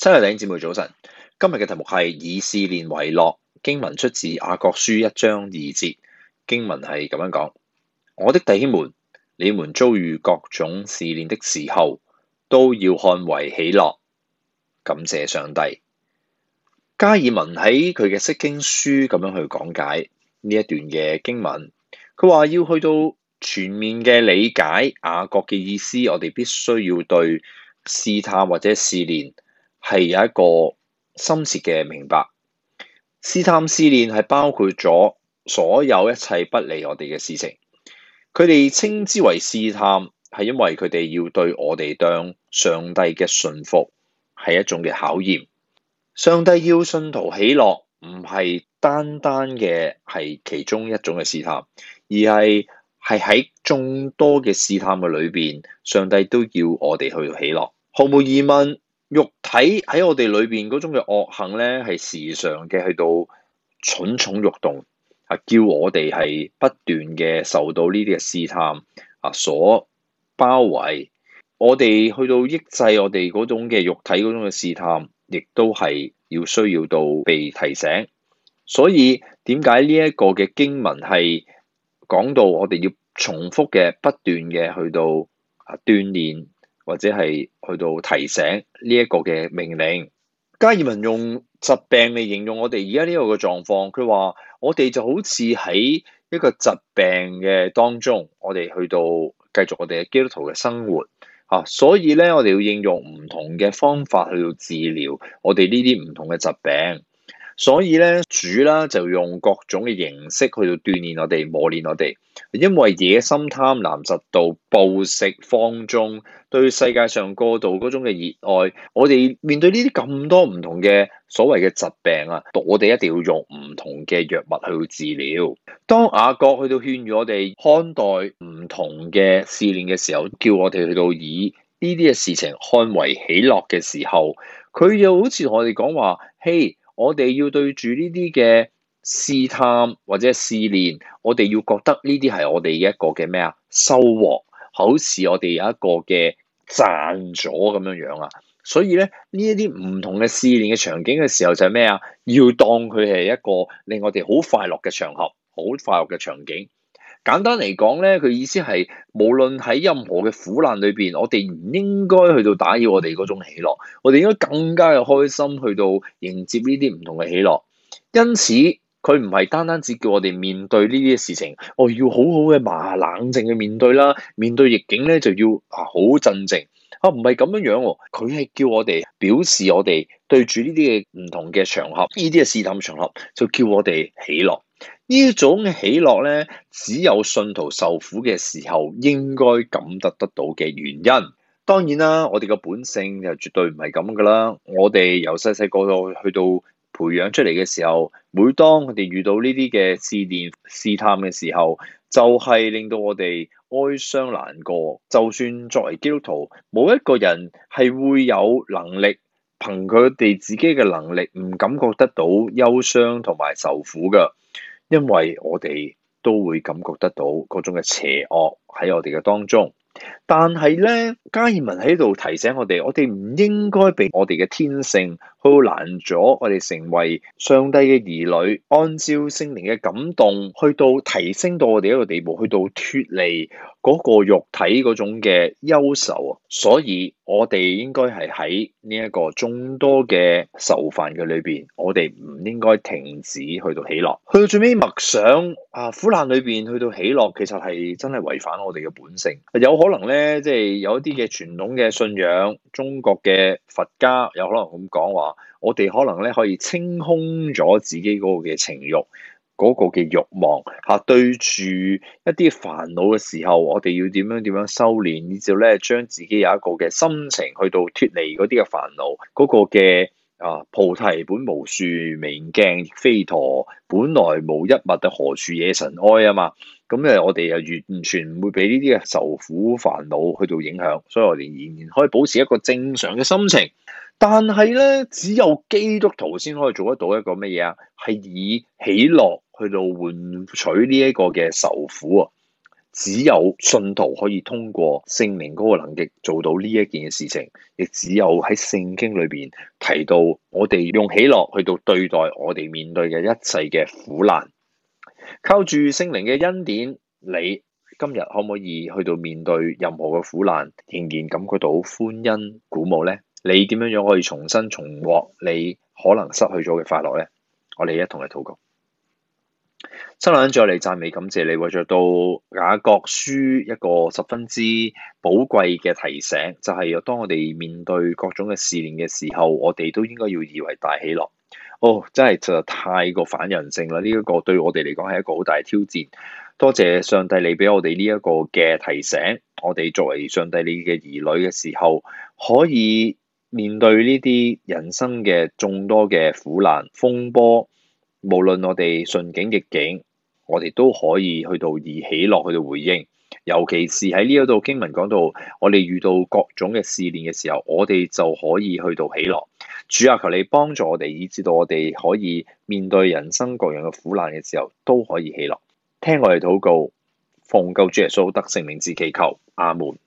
親愛弟兄姊妹，早晨。今日嘅題目係以試煉為樂。經文出自《雅各書》一章二節。經文係咁樣講：我的弟兄們，你們遭遇各種試煉的時候，都要看為喜樂，感謝上帝。加爾文喺佢嘅釋經書咁樣去講解呢一段嘅經文。佢話要去到全面嘅理解雅各嘅意思，我哋必須要對試探或者試煉。係有一個深切嘅明白，試探、試煉係包括咗所有一切不利我哋嘅事情。佢哋稱之為試探，係因為佢哋要對我哋當上帝嘅信服係一種嘅考驗。上帝要信徒喜樂，唔係單單嘅係其中一種嘅試探，而係係喺眾多嘅試探嘅裏邊，上帝都要我哋去喜樂。毫無疑問。肉體喺我哋裏面嗰種嘅惡行咧，係時常嘅去到蠢蠢欲動，啊，叫我哋係不斷嘅受到呢啲嘅試探啊，所包圍，我哋去到抑制我哋嗰種嘅肉體嗰種嘅試探，亦都係要需要到被提醒。所以點解呢一個嘅經文係講到我哋要重複嘅，不斷嘅去到啊鍛煉。或者係去到提醒呢一個嘅命令，加爾文用疾病嚟形容我哋而家呢個嘅狀況。佢話我哋就好似喺一個疾病嘅當中，我哋去到繼續我哋嘅基督徒嘅生活吓，啊，所以咧我哋要應用唔同嘅方法去到治療我哋呢啲唔同嘅疾病。所以咧，主啦就用各種嘅形式去到鍛煉我哋、磨練我哋。因為野心、貪婪、嫉妒、暴食，放縱對世界上過度嗰種嘅熱愛，我哋面對呢啲咁多唔同嘅所謂嘅疾病啊，我哋一定要用唔同嘅藥物去治療。當雅各去到勸喻我哋看待唔同嘅試煉嘅時候，叫我哋去到以呢啲嘅事情看為喜樂嘅時候，佢又好似同我哋講話，嘿。我哋要對住呢啲嘅試探或者試煉，我哋要覺得呢啲係我哋一個嘅咩啊？收穫，好似我哋有一個嘅賺咗咁樣樣啊。所以咧，呢一啲唔同嘅試煉嘅場景嘅時候就係咩啊？要當佢係一個令我哋好快樂嘅場合，好快樂嘅場景。簡單嚟講咧，佢意思係無論喺任何嘅苦難裏邊，我哋唔應該去到打擾我哋嗰種喜樂，我哋應該更加嘅開心去到迎接呢啲唔同嘅喜樂。因此，佢唔係單單只叫我哋面對呢啲事情，我、哦、要好好嘅嘛冷靜嘅面對啦。面對逆境咧，就要啊好鎮靜啊，唔係咁樣樣、哦。佢係叫我哋表示我哋對住呢啲嘅唔同嘅場合，呢啲嘅試探場合，就叫我哋喜樂。呢種喜樂咧，只有信徒受苦嘅時候應該感得得到嘅原因。當然啦，我哋嘅本性就絕對唔係咁噶啦。我哋由細細個到去到培養出嚟嘅時候，每當佢哋遇到呢啲嘅試煉、試探嘅時候，就係令到我哋哀傷難過。就算作為基督徒，冇一個人係會有能力憑佢哋自己嘅能力，唔感覺得到憂傷同埋受苦噶。因為我哋都會感覺得到各種嘅邪惡喺我哋嘅當中，但係咧，加爾文喺度提醒我哋，我哋唔應該畀我哋嘅天性。都難咗我哋成為上帝嘅兒女，按照聖靈嘅感動，去到提升到我哋一個地步，去到脫離嗰個肉體嗰種嘅憂愁。所以我哋應該係喺呢一個眾多嘅愁煩嘅裏邊，我哋唔應該停止去到喜樂，去到最尾默想啊苦難裏邊去到喜樂，其實係真係違反我哋嘅本性。有可能咧，即係有一啲嘅傳統嘅信仰，中國嘅佛家有可能咁講話。我哋可能咧可以清空咗自己嗰個嘅情欲，嗰、那個嘅欲望吓、啊，對住一啲煩惱嘅時候，我哋要點樣點樣修煉，以至咧將自己有一個嘅心情去到脫離嗰啲嘅煩惱，嗰、那個嘅啊菩提本無樹，明鏡亦非台。本來無一物，何處惹塵埃啊嘛！咁誒，我哋又完全唔會俾呢啲嘅仇苦煩惱去到影響，所以我哋仍然可以保持一個正常嘅心情。但係咧，只有基督徒先可以做得到一個乜嘢啊？係以喜樂去到換取呢一個嘅受苦啊！只有信徒可以通過聖靈嗰個能力做到呢一件嘅事情，亦只有喺聖經裏邊提到，我哋用喜樂去到對待我哋面對嘅一切嘅苦難，靠住聖靈嘅恩典，你今日可唔可以去到面對任何嘅苦難，仍然感覺到歡欣鼓舞呢？你點樣樣可以重新重獲你可能失去咗嘅快樂呢？我哋一同嚟禱告。親愛嘅主，我哋讚美感謝你，為著到雅各書一個十分之寶貴嘅提醒，就係、是、當我哋面對各種嘅試煉嘅時候，我哋都應該要以為大喜樂。哦，真係就太過反人性啦！呢、這、一個對我哋嚟講係一個好大挑戰。多謝上帝，你俾我哋呢一個嘅提醒，我哋作為上帝你嘅兒女嘅時候，可以。面對呢啲人生嘅眾多嘅苦難風波，無論我哋順境逆境，我哋都可以去到以喜樂去到回應。尤其是喺呢一度經文講到，我哋遇到各種嘅試煉嘅時候，我哋就可以去到喜樂。主啊，求你幫助我哋，以至到我哋可以面對人生各樣嘅苦難嘅時候，都可以喜樂。聽我哋禱告，奉救主耶穌得聖名之祈求。阿門。